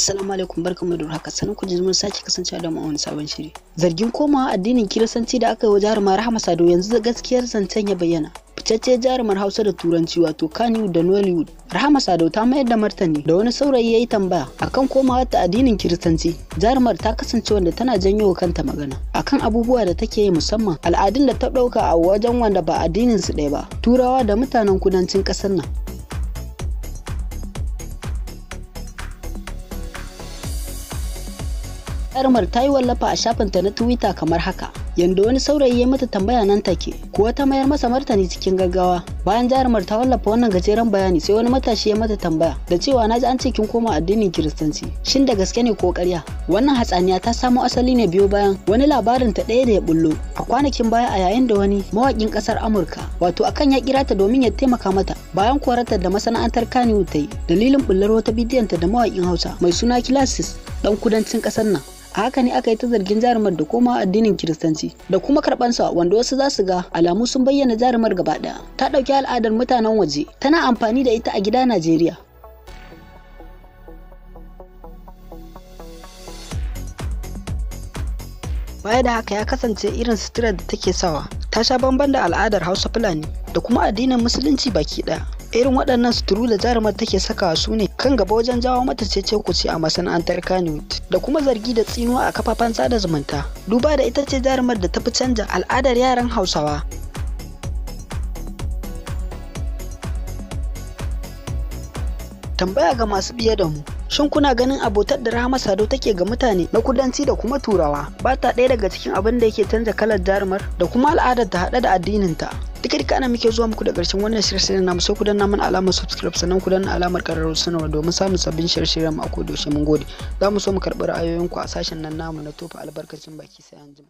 Assalamu alaikum barkamu da haka sanin ku mun sake kasancewa da mu a wani sabon shiri. Zargin komawa addinin Kiristanci da aka yi wa jarumar Rahama Sado yanzu gaskiyar zancen ya bayyana. fitacce jarumar hausa da turanci wato Kanu da nollywood rahama sadau ta mayar da martani da wani saurayi ya yi tambaya akan komawa ta addinin kiristanci jarumar ta kasance wanda tana janyo wa kanta magana akan abubuwa da take yi musamman al'adun da ta ɗauka a wajen wanda ba addinin su ɗaya ba turawa da mutanen kudancin ƙasar nan Yarmar ta yi wallafa a shafin ta na Twitter kamar haka, yanda wani saurayi ya mata tambaya nan take, Kowa ta mayar masa martani cikin gaggawa. Bayan jarumar ta wallafa wannan gajeren bayani sai wani matashi ya mata tambaya da cewa na ji an ce kin koma addinin Kiristanci. Shin da gaske ne ko ƙarya? Wannan hatsaniya ta samo asali ne biyo bayan wani labarin ta ɗaya da ya bullo a kwanakin baya a yayin da wani mawaƙin ƙasar Amurka wato akan ya kira ta domin ya taimaka mata bayan korata da masana'antar Kano ta yi dalilin bullar wata bidiyonta da mawaƙin Hausa mai suna Kilasis ɗan kudancin ƙasar nan. a haka ne aka yi ta zargin jarumar da koma addinin kiristanci da kuma karɓansa wanda wasu za su ga alamu sun bayyana jarumar gaba ɗaya ta ɗauki al'adar mutanen waje tana amfani da ita a gida najeriya baya da haka ya kasance irin suturar da take sawa ta sha bamban da al'adar hausa fulani da kuma addinin musulunci baki ɗaya irin waɗannan suturu da jarumar take sakawa su ne kan gaba wajen jawo mata cece kuce a masana'antar kanut da kuma zargi da tsinuwa a kafafen sada zumunta duba da ita ce jarumar da tafi fi canja al'adar yaran hausawa tambaya ga masu biye da mu shin kuna ganin abotar da rahama sado take ga mutane na kudanci da kuma turawa ba ta ɗaya daga cikin abin da yake canza kalar jarumar da kuma al'adar ta haɗe da addininta duka duka ana muke zuwa muku da ƙarshen wannan shirye-shiryen namu sai ku danna mana alamar subscribe sannan ku danna alamar ƙararrawar sanarwa domin samun sabbin shirye-shiryen mu a kodayaushe mun gode za mu so mu karɓi ra'ayoyinku a sashen nan namu na tofa albarkacin baki sai an jima